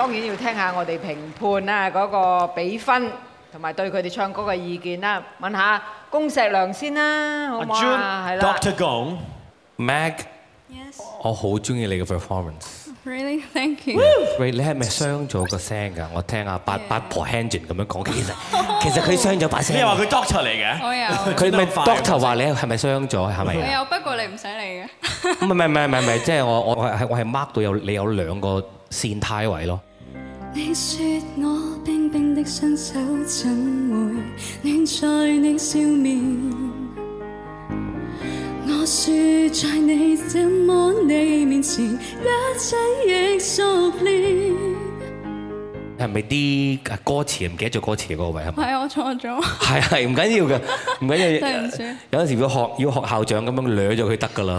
當然要聽下我哋評判啦，嗰個比分同埋對佢哋唱歌嘅意見啦。問下恭碩良先啦，好冇啊？Doctor Gong，Mag，我好中意你嘅 performance。Really? Thank you。喂，你係咪傷咗個聲㗎？我聽阿八八婆 handing 咁樣講其實，其實佢傷咗把聲。你又話佢 doctor 嚟嘅？我有。佢咪 doctor 話你係咪傷咗？係咪？有，不過你唔使嚟嘅。唔係唔係唔係唔係，即係我我係我係 mark 到有你有兩個線胎位咯。你說我冰冰的雙手怎會暖在你笑面？我説在你這麼你面前，一切亦熟練。係咪啲歌詞唔記得咗歌詞嗰位係咪？我錯咗。係係唔緊要嘅，唔緊要。對唔住。有陣時要學要學校長咁樣掠咗佢得㗎啦。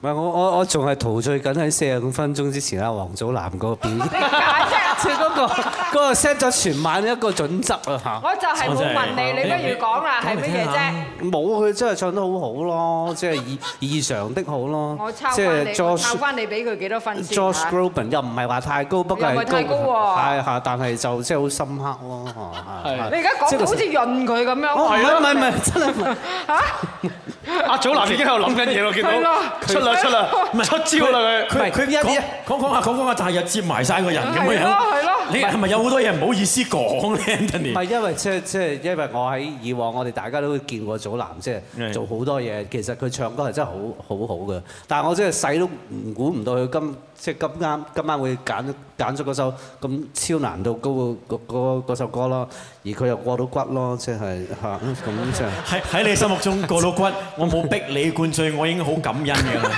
唔係我我我仲係陶醉緊喺四十五分鐘之前啊。王祖藍嗰邊，即係嗰個嗰、嗰個 set 咗全晚一個準則啊！我就係冇問你，你不如講啦，係乜嘢啫？冇佢真係唱得好好咯，即係異異常的好咯。我抄翻你，即係、George… 我抄翻你俾佢幾多分先 George Groban 又唔係話太高，不過係高，係係，但係就即係好深刻咯。對對你而家講好似、即係、潤佢似問佢咁樣，唔係唔係，真係嚇？ 阿祖藍已經喺度諗緊嘢咯，見到啦，出啦，出啦，出招啦佢。佢佢咩啊？講講下，講講下，第日接埋晒個人咁樣了。係咯係咯，唔係有好多嘢唔好意思講咧，Anthony。唔係因為即係即係，因為我喺以往我哋大家都見過祖藍，即係做好多嘢。其實佢唱歌係真係好好好嘅，但係我真係細都估唔到佢今即係今啱今晚會揀揀咗嗰首咁超難度高嘅嗰首歌咯。而佢又過到骨咯，即係嚇，咁即係喺喺你心目中過到骨，我冇逼你灌醉，我已經好感恩㗎喇，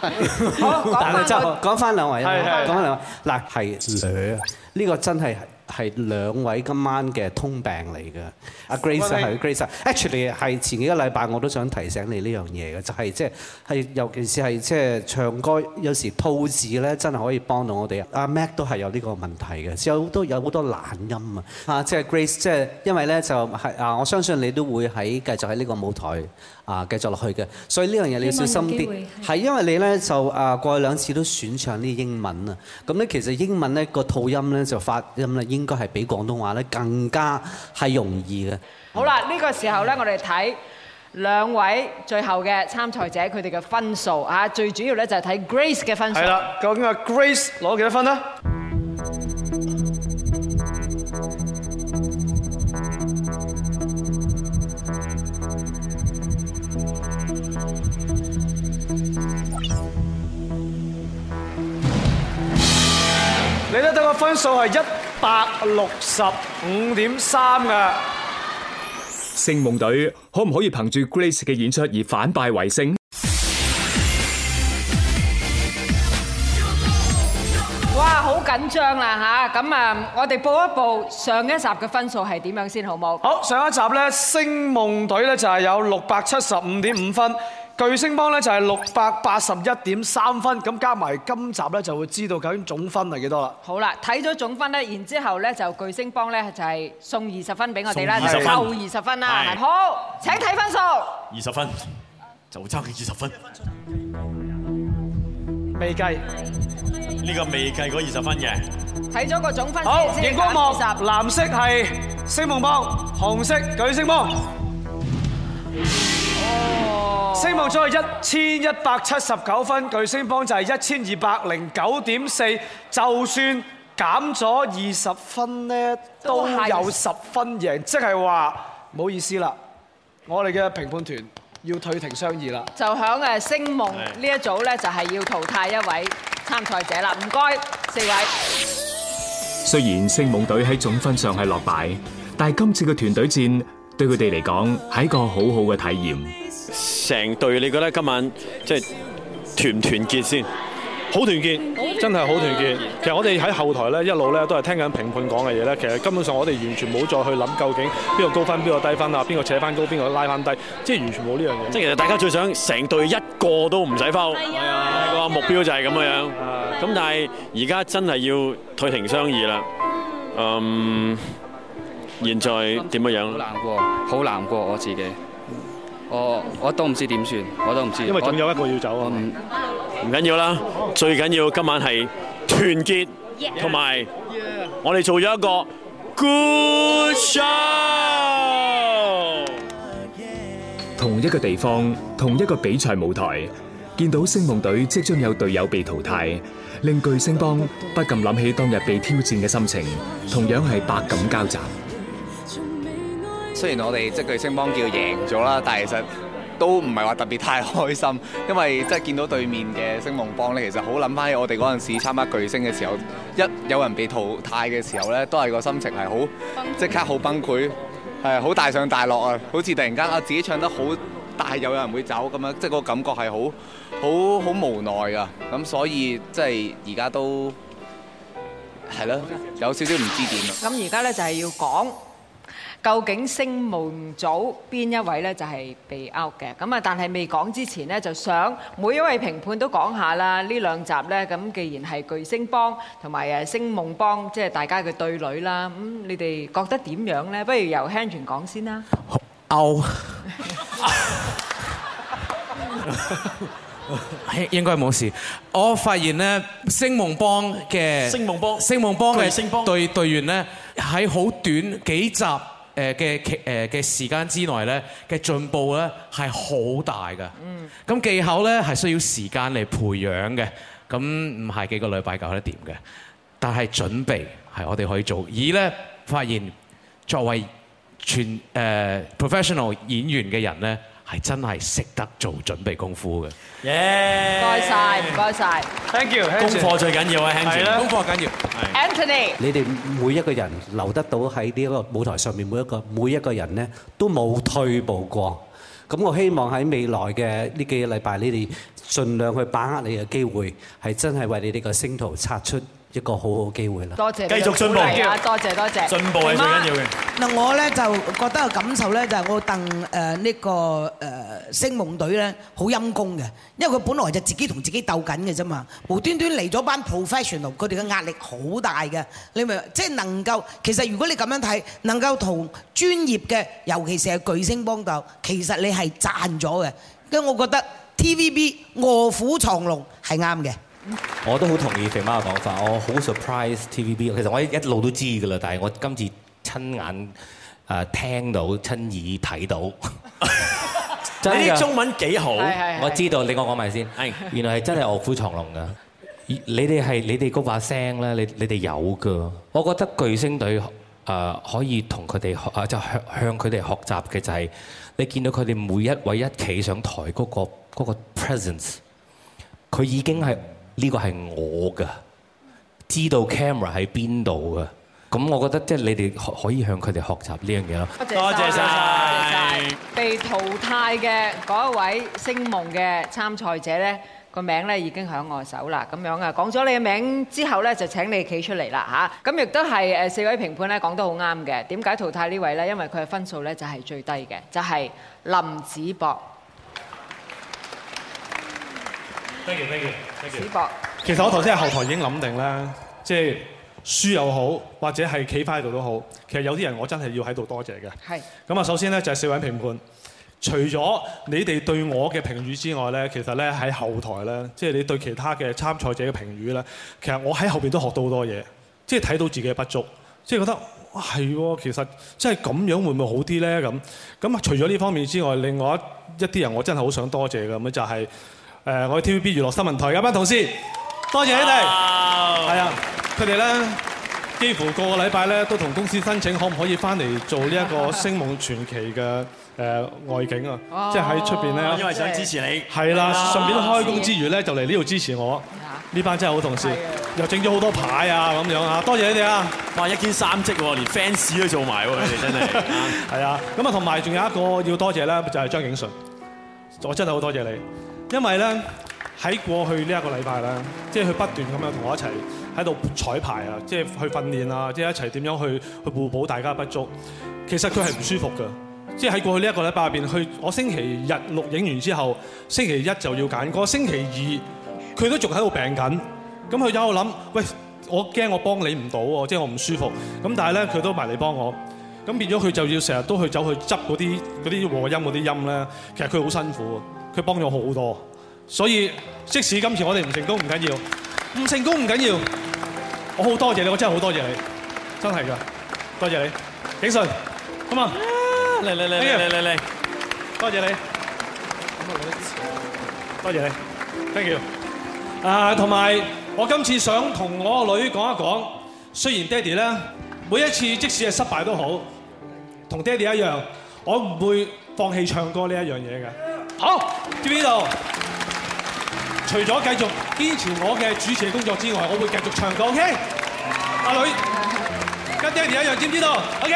但係真係 好，講翻兩位，講翻兩位。嗱，係，呢個真係。係兩位今晚嘅通病嚟嘅。阿 Grace 係 Grace，Actually 係前幾個禮拜我都想提醒你呢樣嘢嘅，就係即係係尤其是係即係唱歌有時吐字咧，真係可以幫到我哋。阿 Mag 都係有呢個問題嘅，有好多有好多懶音啊！嚇，即係 Grace，即係因為咧就係啊，我相信你都會喺繼續喺呢個舞台啊繼續落去嘅，所以呢樣嘢你要小心啲。係因為你咧就啊過去兩次都選唱啲英文啊，咁咧其實英文咧個吐音咧就發音咧。應該係比廣東話咧更加係容易嘅。好啦，呢、這個時候咧，我哋睇兩位最後嘅參賽者佢哋嘅分數啊，最主要咧就係睇 Grace 嘅分數。係啦，究竟阿 Grace 攞幾多分呢？你得到嘅分數係一百六十五點三嘅星夢隊，可唔可以憑住 Grace 嘅演出而反敗為勝？哇，好緊張啦吓！咁啊，我哋報一報上一集嘅分數係點樣先好冇？好，上一集咧，星夢隊咧就係有六百七十五點五分。巨聲幫咧就係六百八十一點三分，咁加埋今集咧就會知道究竟總分係幾多啦。好啦，睇咗總分咧，然之後咧就巨聲幫咧就係送二十分俾我哋啦，就扣二十分啦。好，請睇分數。二十分就差幾二十分。未計，呢個未計嗰二十分嘅。睇咗個總分先。好熒光幕，藍色係星夢幫，紅色巨聲幫。哦、星夢咗係一千一百七十九分，巨聲幫就係一千二百零九點四，就算減咗二十分呢，都有十分贏，即係話唔好意思啦，我哋嘅評判團要退庭商議啦。就響誒星夢呢一組咧，就係要淘汰一位參賽者啦。唔該，四位。雖然星夢隊喺總分上係落敗，但係今次嘅團隊戰。對佢哋嚟講係一個好好嘅體驗。成隊你覺得今晚即係團唔團結先？好團結，真係好團結。其實我哋喺後台咧，一路咧都係聽緊評判講嘅嘢咧。其實根本上我哋完全冇再去諗究竟邊個高分邊個低分啊，邊個扯翻高邊個拉翻低,低，即係完全冇呢樣嘢。即係其實大家最想成隊一個都唔使 out，係啊，個目標就係咁樣樣。咁、啊、但係而家真係要退庭商議啦。嗯、um,。現在點樣樣？好難過，好難過我自己。我我都唔知點算，我都唔知。因為總有一個要走啊。唔緊要啦，最緊要今晚係團結同埋，我哋做咗一個 good show。同一個地方，同一個比賽舞台，見到星夢隊即將有隊友被淘汰，令巨聲幫不禁諗起當日被挑戰嘅心情，同樣係百感交集。雖然我哋即係巨聲幫叫贏咗啦，但係其實都唔係話特別太開心，因為即係見到對面嘅星夢幫咧，其實好諗翻我哋嗰陣時參加巨聲嘅時候，一有人被淘汰嘅時候咧，都係個心情係好即刻好崩潰，係 好大上大落啊！好似突然間啊，自己唱得好，但係又有人會走咁樣，即係嗰、那個感覺係好好好無奈啊。咁所以即係而家都係咯，有少少唔知點。咁而家咧就係要講。究竟星夢組邊一位咧就係被 out 嘅？咁啊，但係未講之前咧，就想每一位評判都講下啦。呢兩集咧，咁既然係巨聲幫同埋誒星夢幫，即係大家嘅對壘啦。咁你哋覺得點樣咧？不如由 Hanjin 講先啦。out 應該冇事。我發現咧，星夢幫嘅星夢幫星夢幫嘅隊隊員咧，喺好短幾集誒嘅誒嘅時間之內咧嘅進步咧係好大嘅，咁技巧咧係需要時間嚟培養嘅，咁唔係幾個禮拜搞得掂嘅。但係準備係我哋可以做，而咧發現作為全誒 professional 演員嘅人咧。係真係食得做準備功夫嘅，耶！唔該曬，唔該曬，Thank you。功課最緊要啊，Henry。係啦，功課緊要。Anthony，你哋每一個人留得到喺呢一個舞台上面，每一個每一個人咧都冇退步過。咁我希望喺未來嘅呢幾個禮拜，你哋盡量去把握你嘅機會，係真係為你哋個星途擦出一個好好機會啦！多謝，繼續進步，繼續。多謝多謝，進步係最緊要嘅。嗱，我咧就覺得個感受咧就係我鄧誒呢個誒星夢隊咧好陰功嘅，因為佢本來就自己同自己鬥緊嘅啫嘛，無端端嚟咗班 professional，佢哋嘅壓力好大嘅。你明唔明？即係能夠，其實如果你咁樣睇，能夠同專業嘅，尤其是係巨聲幫鬥，其實你係賺咗嘅。咁我覺得 TVB 臥虎藏龍係啱嘅。我都好同意肥媽嘅講法，我好 surprise TVB。其實我一路都知噶啦，但係我今次親眼誒聽到、親耳睇到，你啲中文幾好？我知道，你我講埋先。係原來係真係卧虎藏龍噶。你哋係你哋嗰把聲咧，你你哋有噶。我覺得巨星隊誒可以同佢哋誒就向向佢哋學習嘅就係，你見到佢哋每一位一企上台嗰個嗰個 presence，佢已經係。呢個係我噶，知道 camera 喺邊度噶，咁我覺得即係你哋可以向佢哋學習呢樣嘢咯。多謝晒！被淘汰嘅嗰一位星夢嘅參賽者呢，個名呢已經喺我手啦。咁樣啊，講咗你嘅名之後呢，就請你企出嚟啦吓？咁亦都係誒四位評判呢講得好啱嘅。點解淘汰呢位呢？因為佢嘅分數呢就係最低嘅，就係林子博。多謝，多謝，多謝。其實我頭先喺後台已經諗定咧，即係輸又好，或者係企翻喺度都好。其實有啲人我真係要喺度多謝嘅。係。咁啊，首先咧就係四位評判，除咗你哋對我嘅評語之外咧，其實咧喺後台咧，即係你對其他嘅參賽者嘅評語咧，其實我喺後邊都學到好多嘢，即係睇到自己嘅不足，即係覺得哇係喎，其實即係咁樣會唔會好啲咧？咁咁啊，除咗呢方面之外，另外一啲人我真係好想多謝嘅咁就係。誒，我嘅 TVB 娛樂新聞台有班同事，多謝你哋，係啊，佢哋咧幾乎個個禮拜咧都同公司申請可唔可以翻嚟做呢一個《星夢傳奇》嘅誒外景啊，即係喺出面咧，因為想支持你，係啦，順便開工之餘咧就嚟呢度支持我，呢班真係好同事，又整咗好多牌啊咁樣啊，多謝你哋啊，哇，一兼三職，連 fans 都做埋喎，你哋真係，係啊，咁啊，同埋仲有一個要多謝咧就係張景純，我真係好多謝你。因為咧喺過去呢一個禮拜咧，即係佢不斷咁樣同我一齊喺度彩排啊，即係去訓練啊，即係一齊點樣去去互補大家不足。其實佢係唔舒服嘅，即係喺過去呢一個禮拜入邊，去我星期日錄影完之後，星期一就要揀。個星期二佢都仲喺度病緊。咁佢就喺度諗，喂，我驚我幫你唔到喎，即係我唔舒服。咁但係咧，佢都埋嚟幫我。咁變咗佢就要成日都去走去執嗰啲啲和音嗰啲音咧，其實佢好辛苦。佢幫咗好多，所以即使今次我哋唔成功唔緊要，唔成功唔緊要，我好多謝你，我真係好多謝你，真係㗎，多謝你，景瑞，好嘛，嚟嚟嚟嚟嚟嚟，多謝你，多謝你，thank you，啊，同埋我今次想同我個女講一講，雖然爹哋咧每一次即使係失敗都好，同爹哋一樣，我唔會放棄唱歌呢一樣嘢㗎。好，知唔知道？除咗繼續堅持我嘅主持工作之外，我會繼續唱歌。阿女，跟爹哋一樣，知唔知道？OK。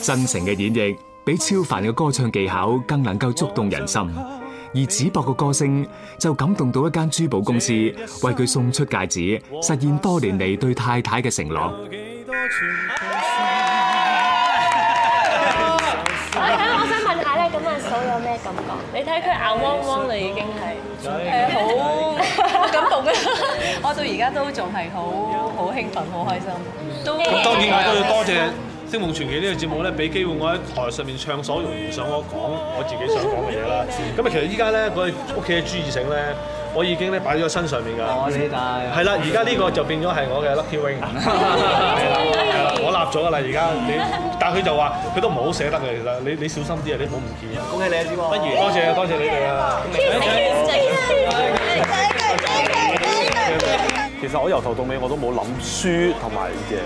真誠嘅演繹，比超凡嘅歌唱技巧更能夠觸動人心。而子博嘅歌聲就感動到一間珠寶公司，為佢送出戒指，實現多年嚟對太太嘅承諾。你睇佢眼汪汪，你已經係誒，好感動啦！我到而家都仲係好好興奮，好開心。咁當然我都要多謝《星夢傳奇》呢個節目咧，俾機會我喺台上面暢所欲言，想我講我自己想講嘅嘢啦。咁啊，其實依家咧，我哋屋企嘅朱二醒咧。我已經咧擺咗身上面㗎，我先戴，係啦，而家呢個就變咗係我嘅 lucky wing，係啦，係啦，我立咗㗎啦，而家你，但係佢就話佢都唔係好捨得嘅，其實你你小心啲啊，你唔好唔見謝謝啊，恭喜你啊，小王，不如多謝多謝，謝，謝你哋啊，恭喜恭喜，其實我由頭到尾我都冇諗書同埋嘢，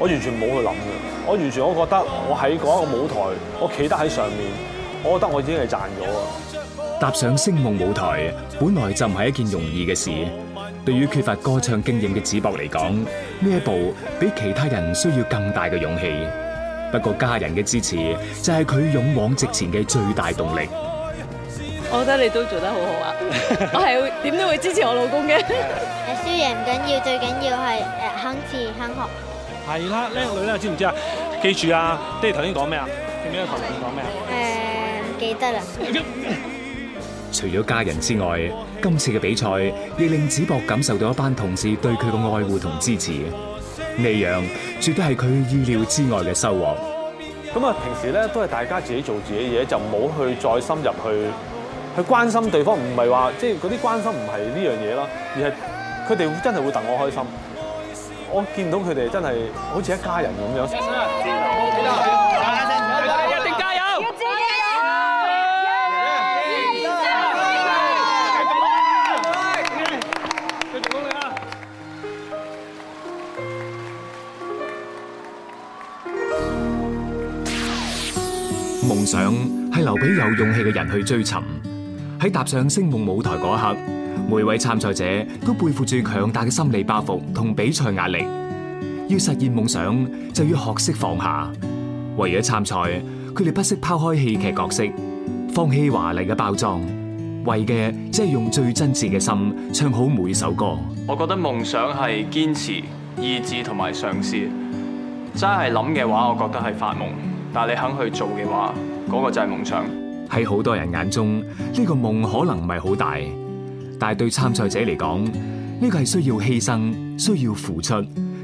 我完全冇去諗嘅，我完全我覺得，我喺個舞台，我企得喺上面，我覺得我已經係賺咗啊。踏上星夢舞台，本來就唔係一件容易嘅事。對於缺乏歌唱經驗嘅子博嚟講，呢一步比其他人需要更大嘅勇氣。不過家人嘅支持就係佢勇往直前嘅最大動力。我覺得你都做得好好啊！我係點都會支持我老公嘅。 輸贏唔緊要，最緊要係誒、呃、肯試肯學是。係啦，靚女啦，知唔知啊？記住啊，爹哋頭先講咩啊？頭先講咩啊？誒，記得啦。呃 除咗家人之外，今次嘅比賽亦令子博感受到一班同事對佢嘅愛護同支持，呢樣絕對係佢意料之外嘅收穫。咁啊，平時咧都係大家自己做自己嘢，就唔好去再深入去去關心對方，唔係話即係嗰啲關心唔係呢樣嘢啦，而係佢哋真係會戥我開心，我見到佢哋真係好似一家人咁樣。 留俾有勇氣嘅人去追尋，喺踏上星夢舞台嗰刻，每位參賽者都背負住強大嘅心理包袱同比賽壓力。要實現夢想，就要學識放下為參賽，為咗參賽，佢哋不惜拋開戲劇角色放棄華麗，放棄華麗嘅包裝，為嘅，即係用最真摯嘅心唱好每首歌。我覺得夢想係堅持、意志同埋嘗試。真係諗嘅話，我覺得係發夢。但係你肯去做嘅話，嗰個就係夢想。喺好多人眼中，呢個夢可能唔係好大，但係對參賽者嚟講，呢個係需要犧牲、需要付出，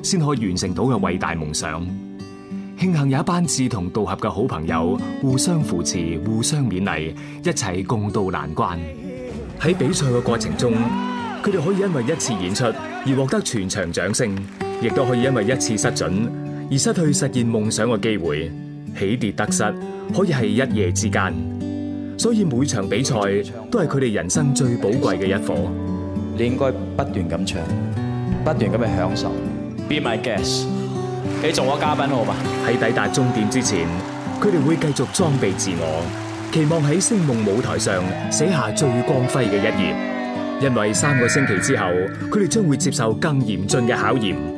先可以完成到嘅偉大夢想。慶幸有一班志同道合嘅好朋友，互相扶持、互相勉勵，一齊共渡難關。喺比賽嘅過程中，佢哋可以因為一次演出而獲得全場掌聲，亦都可以因為一次失準而失去實現夢想嘅機會。起跌得失，可以係一夜之間，所以每場比賽都係佢哋人生最寶貴嘅一課。你應該不斷咁唱，不斷咁去享受。Be my guest，你做我嘉賓好嘛？喺抵達終點之前，佢哋會繼續裝備自我，期望喺星夢舞台上寫下最光輝嘅一頁。因為三個星期之後，佢哋將會接受更嚴峻嘅考驗。